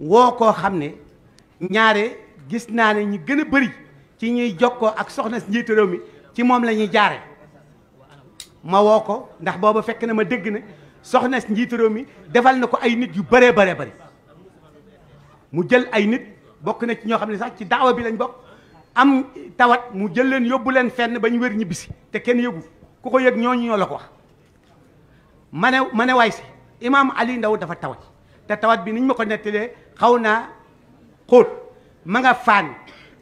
woo koo xam ne ñaare gis naa ne ñi gën a bëri ci ñuy jokkoo ak soxna si mi ci moom lañuy jaare ma woo ko ndax booba fekk na ma dégg ne soxna si njiitu mi defal na ko ay nit yu bëree bëree bëri mu jël ay nit bokk na ci ñoo xam ne sax ci daawa bi lañ bokk am tawat mu jël leen yóbbu leen fenn ba ñu wér ñibbisi te kenn yëgu ku ko yég ñooñu ñoo la ko wax ma ne ma ne waay si imaam Ali Ndaw dafa tawat te tawat bi niñ ma ko nettalee xaw naa xoot ma nga faan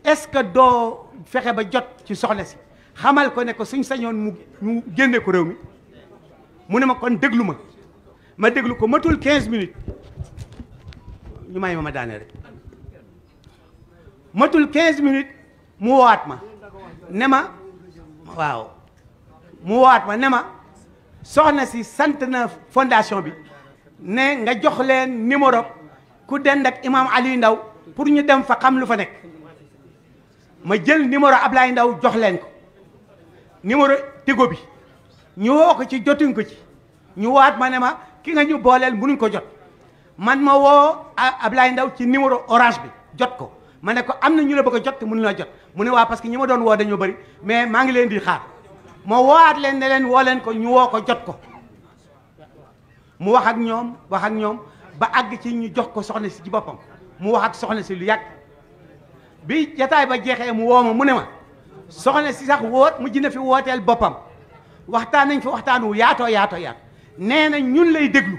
est-ce que doo fexe ba jot ci soxna si xamal ko ne ko suñ sañoon mu mu génne ko réew mi mu ne ma kon déglu ma ma déglu ko matul 15 minutes ñu may ma ma daane rek matul 15 minutes mu woowaat ma ne ma waaw mu woowaat ma ne ma soxna si sant na fondation bi. ne nga jox leen numéro ku dend ak imaam Aliou Ndao pour ñu dem fa xam lu fa nekk ma jël numéro Ablaye ndaw jox leen ko numéro Tigo bi ñu woo ko ci jotuñ ko ci ñu waat ma ne ma ki nga ñu booleel mu mënuñ ko jot man ma woo Ablaye Ndao ci numéro orange bi jot ko ma ne ko am na ñu la bëgg jot te mënu la jot mu ne waa parce que ñu ma doon woo dañoo bëri mais maa ngi leen di xaar ma woowaat leen ne leen woo leen ko ñu woo ko jot ko mu wax ak ñoom wax ak ñoom ba àgg ci ñu jox ko soxna si ci boppam mu wax ak soxna si lu yàgg bi jataay ba jeexee mu woo ma mu ne ma soxna si sax woot mu jina fi wooteel boppam waxtaan nañ fi waxtaan wu yaatoo yaatoo yaat nee na ñun lay déglu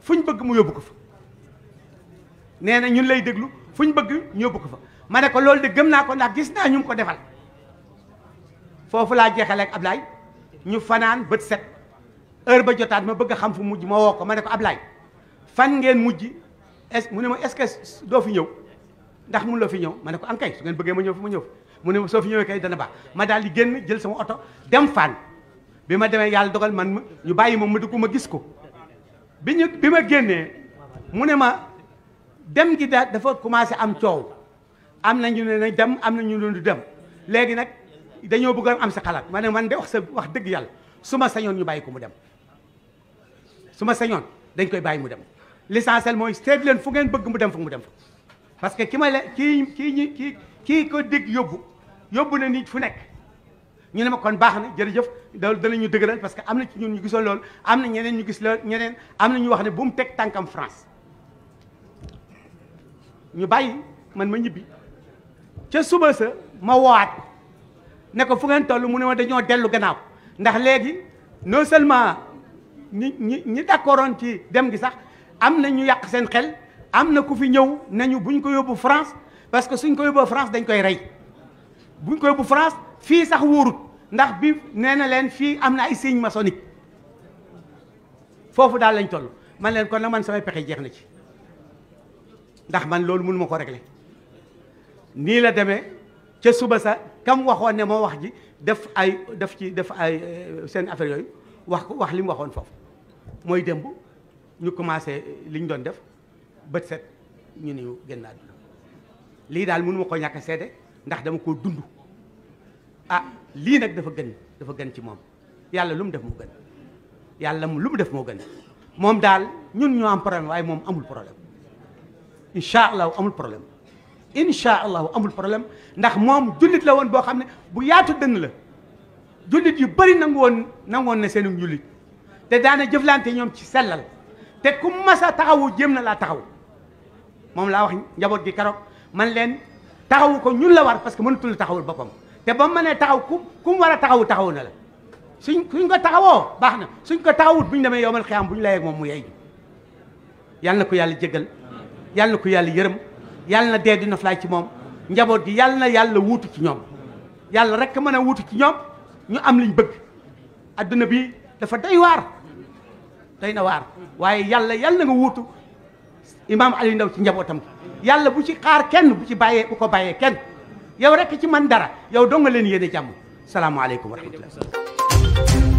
fuñ bëgg mu yóbbu ko fa na ñun lay déglu fuñ bëgg ñu ko fa ma ne ko loolu de gëm naa ko ndax gis naa ñu ko defal foofu laa jeexale ak Ablaay ñu fanaan bët set heure ba jotat ma bëgg xam fu mujj ma woo ko ko ablay fan ngeen mujj est mu ne ma est ce do fi ñew ndax mu la fi ñew mané ko an kay su ngeen bëgge ma ñew fu ma ñew mu ne fi ñew kay dana ba, ma dal di genn jël sama auto dem fan bima démé yalla dogal man ñu bàyyi ma ma dugg ma gis ko biñu bima genné ma ma dem gi da dafa commencé am ciow am na ne nañ dem am na ñu dem légui nak dañu bëggoon am sa xalaat mané man dé wax sa wax dëgg yalla suma ñu mu dem su ma sañoon dañ koy bàyyi mu dem l'essentiel mooy seet leen fu ngeen bëgg mu dem fa mu dem fa parce que ki ma le kii kii ñi kii kii ko dig yóbbu yóbbu na nit fu nekk ñu ne ma kon baax na jërëjëf loolu ñu dëgëral parce que am na ci ñun ñu gisoon lool am na ñeneen ñu gis loolu ñeneen am na ñu wax ne bu mu teg tànkam France ñu bàyyi man ma ñibbi ca suba sa ma woowaat ne ko fu ngeen toll mu ne ma dañoo dellu gannaaw ndax léegi non seulement Ni ni ñi d'accordoon ci dem gi sax amna ñu yak seen xel amna ku fi nañu buñ ko France parce que suñ ko yobbu France dañ koy ray buñ ko France fils sax wóorut ndax bi na fi amna ay signe maçonnique fofu dal lañ tollu. man len kon na man pexé jeex na ci ndax man loolu mënu mako régler la démé ci suba sa kam waxone mo wax ji def ay def ci def ay euh, affaire wax ko wax li mu waxoon ñu commencé li doon def bët set ñu ñu génn àdduna lii mënu ko ñàkk a ndax dama ko dund ah li nak dafa gën dafa gën ci mom yàlla lu mu def mo gën yàlla lu mu def mo gën mom dal ñun ñu am problème waye mom amul problème incha allahu amul problème incha allahu amul problème ndax mom jullit la won bo xamné bu yaatu dënn la jullit yu bëri nangu woon nangoon na seen njullit te daana jëflante ñoom ci sellal te ku mas a taxawu jéem na laa taxaw moom laa wax njaboot gi keroog man leen taxawu ko ñun la war parce que mënatul taxawul boppam te ba mu mënee taxaw ku ku mu war a taxawu taxaw na la suñ suñ ko taxawoo baax na suñ ko taxawut buñ demee yowmal xiyaam buñ layeeg moom mu yey yal na ko yàlla jégal yal na ko yàlla yërëm yal na dee di noflaay ci moom njaboot gi yal na yàlla wuutu ci ñoom yàlla rek mën a wuutu ci ñoom ñu am liñ bëgg adduna bi dafa day waar day na waar waaye yàlla yàlla na nga wuutu imaam Aliou Ndao ci njabootam yàlla bu ci xaar kenn bu ci bàyyee bu ko bàyyee kenn yow rekk ci man dara yow doo nga leen yéene jàmm salaamaaleykum wa rahmatullah